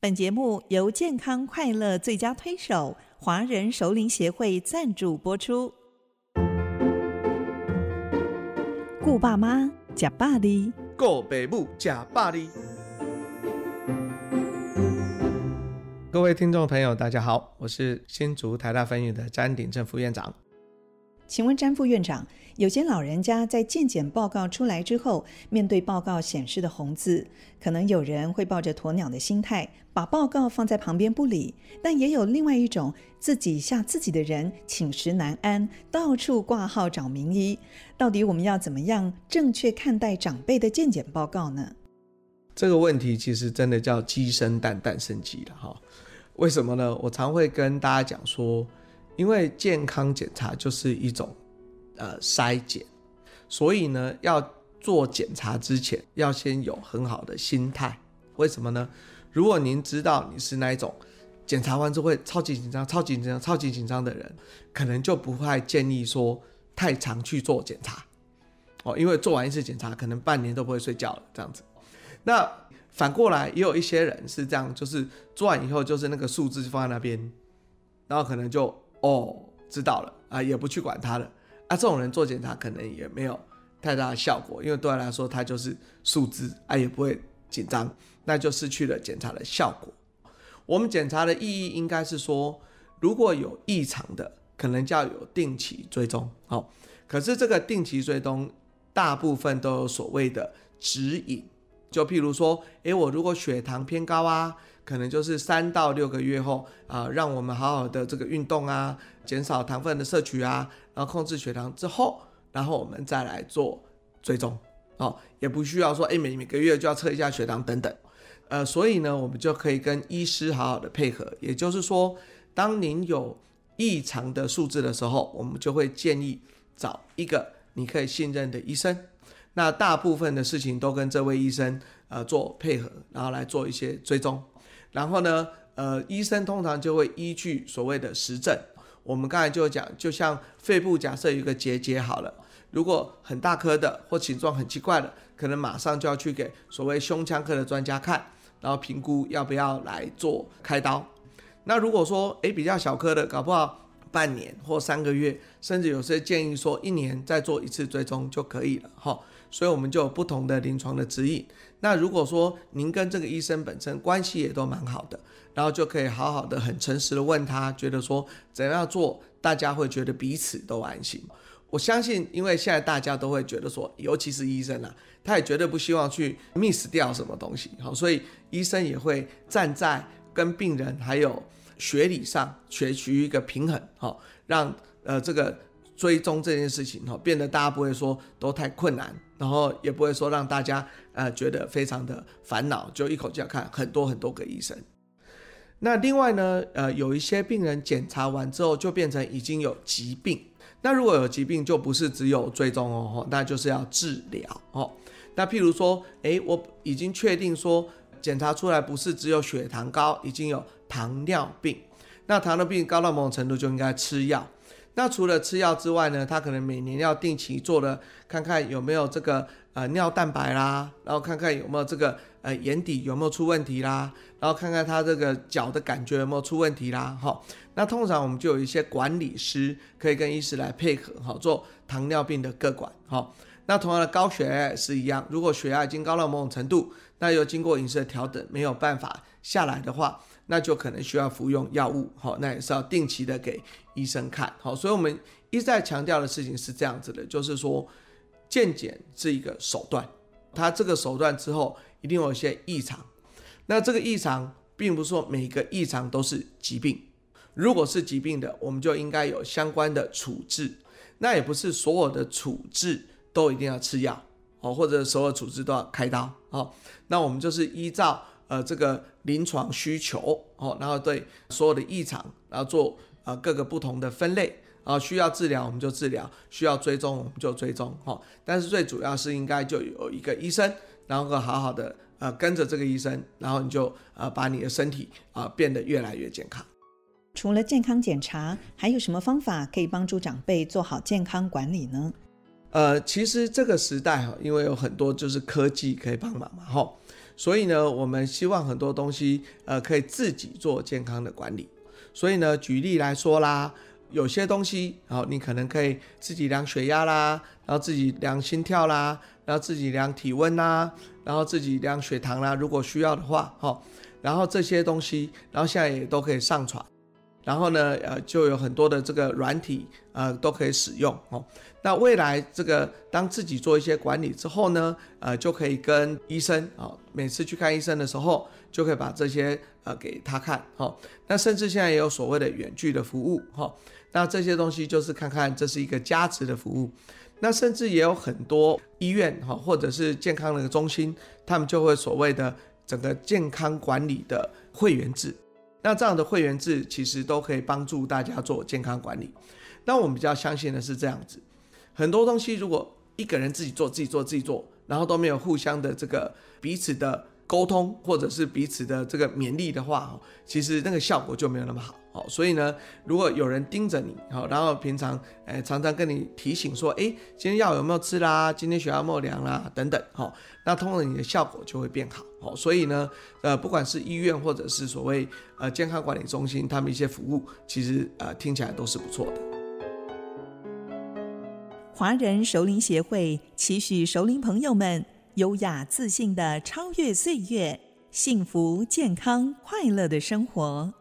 本節目由健康快樂最佳推手華人熟齡協會贊助播出。顧爸媽，假爸哩，顧爸母，假爸哩。各位聽眾朋友，大家好，我是新竹台大分院的詹鼎正副院長。請問詹副院長，有些老人家在健檢報告出來之後，面對報告顯示的紅字，可能有人會抱着鴕鳥的心態，把報告放在旁邊不理；但也有另外一種自己嚇自己的人，寢食難安，到處掛號找名醫。到底我們要怎麼樣正確看待長輩的健檢報告呢？這個問題其實真的叫雞生蛋，蛋生雞了哈。為什麼呢？我常會跟大家講說。因為健康檢查就是一種，呃，篩檢，所以呢，要做檢查之前要先有很好的心態。為什麼呢？如果您知道你是那一種，檢查完之後會超級緊張、超級緊張、超級緊張的人，可能就不太建議說太常去做檢查哦。因為做完一次檢查，可能半年都不會睡覺了這樣子。那反過來也有一些人是這樣，就是做完以後就是那個數字就放在那邊，然後可能就。哦，知道了啊，也不去管他了啊。這種人做檢查可能也沒有太大的效果，因為對他來說，他就是數字啊，也不會緊張，那就失去了檢查的效果。我們檢查的意義應該是說，如果有異常的，可能就要有定期追蹤。哦，可是這個定期追蹤大部分都有所謂的指引。就譬如說，誒，我如果血糖偏高啊，可能就是三到六個月後啊，呃，讓我們好好的這個運動啊，減少糖分的攝取啊，然後控制血糖之後，然後我們再來做追蹤哦，也不需要說，誒，每每個月就要測一下血糖等等，呃，所以呢，我們就可以跟醫師好好的配合，也就是說，當您有異常的數字的時候，我們就會建議找一個你可以信任的醫生。那大部分的事情都跟這位醫生呃做配合，然後來做一些追蹤。然後呢，呃，醫生通常就會依據所謂的實證。我們剛才就講，就像肺部假設有一個結節好了，如果很大顆的或形狀很奇怪的，可能馬上就要去給所謂胸腔科的專家看，然後評估要不要來做開刀。那如果說誒比較小顆的，搞不好半年或三個月，甚至有些建議說一年再做一次追蹤就可以了哈。所以，我們就有不同的臨床的指引。那如果說您跟這個醫生本身關係也都蠻好的，然後就可以好好的、很誠實的問他，覺得說怎樣做，大家會覺得彼此都安心。我相信，因為現在大家都會覺得說，尤其是醫生啊，他也絕對不希望去 miss 掉什麼東西。好，所以醫生也會站在跟病人還有學理上，求取一個平衡。好，讓呃這個。追蹤這件事情吼，變得大家不會說都太困難，然後也不會說讓大家呃覺得非常的煩惱，就一口氣要看很多很多個醫生。那另外呢，呃，有一些病人檢查完之後就變成已經有疾病。那如果有疾病，就不是只有追蹤哦，哦那就是要治療哦。那譬如說，哎、欸，我已經確定說檢查出來不是只有血糖高，已經有糖尿病。那糖尿病高到某種程度就應該吃藥。那除了吃藥之外呢，他可能每年要定期做的，看看有沒有這個呃尿蛋白啦，然後看看有沒有這個呃眼底有沒有出問題啦，然後看看他這個腳的感覺有沒有出問題啦。哈、哦，那通常我們就有一些管理師可以跟醫師來配合哈、哦，做糖尿病的個管哈。哦那同樣的高血壓也是一樣，如果血壓已經高到某種程度，那又經過飲食的調整沒有辦法下來的話，那就可能需要服用藥物。好，那也是要定期的給醫生看。好，所以我們一再強調的事情是這樣子的，就是說，健檢是一個手段，它這個手段之後一定有一些異常。那這個異常並不是說每一個異常都是疾病，如果是疾病的，我們就應該有相關的處置。那也不是所有的處置。都一定要吃藥哦，或者所有處置都要開刀哦。那我們就是依照呃這個臨床需求哦，然後對所有的異常，然後做呃各個不同的分類啊，需要治療我們就治療，需要追蹤我們就追蹤哦。但是最主要是應該就有一個醫生，然後好好的呃跟着這個醫生，然後你就呃把你的身體啊變得越來越健康。除了健康檢查，還有什麼方法可以幫助長輩做好健康管理呢？呃，其實這個時代哈，因為有很多就是科技可以幫忙嘛哈，所以呢，我們希望很多東西呃，可以自己做健康的管理。所以呢，舉例來說啦，有些東西，然後你可能可以自己量血壓啦，然後自己量心跳啦，然後自己量體溫啦，然後自己量血糖啦，如果需要的話哈，然後這些東西，然後現在也都可以上傳。然後呢，呃，就有很多的這個軟體，呃，都可以使用哦。那未來這個當自己做一些管理之後呢，呃，就可以跟醫生哦，每次去看醫生的時候，就可以把這些呃給他看哦。那甚至現在也有所謂的遠距的服務哈。那這些東西就是看看這是一個加值的服務。那甚至也有很多醫院哈，或者是健康的一個中心，他們就會所謂的整個健康管理的會員制。那這樣的會員制其實都可以幫助大家做健康管理。那我們比較相信的是這樣子，很多東西如果一個人自己做、自己做、自己做，然後都沒有互相的這個彼此的。溝通，或者是彼此的這個勉勵的話，其實那個效果就沒有那麼好哦。所以呢，如果有人盯着你，哈，然後平常、呃、常常跟你提醒說，哎，今天藥有沒有吃啦？今天血壓有沒有量啦？等等，哦，那通常你的效果就會變好哦。所以呢，呃，不管是醫院或者是所謂呃健康管理中心，他們一些服務，其實呃聽起來都是不錯的。華人熟齡協會期許熟齡朋友們。優雅自信的超越歲月，幸福健康快樂的生活。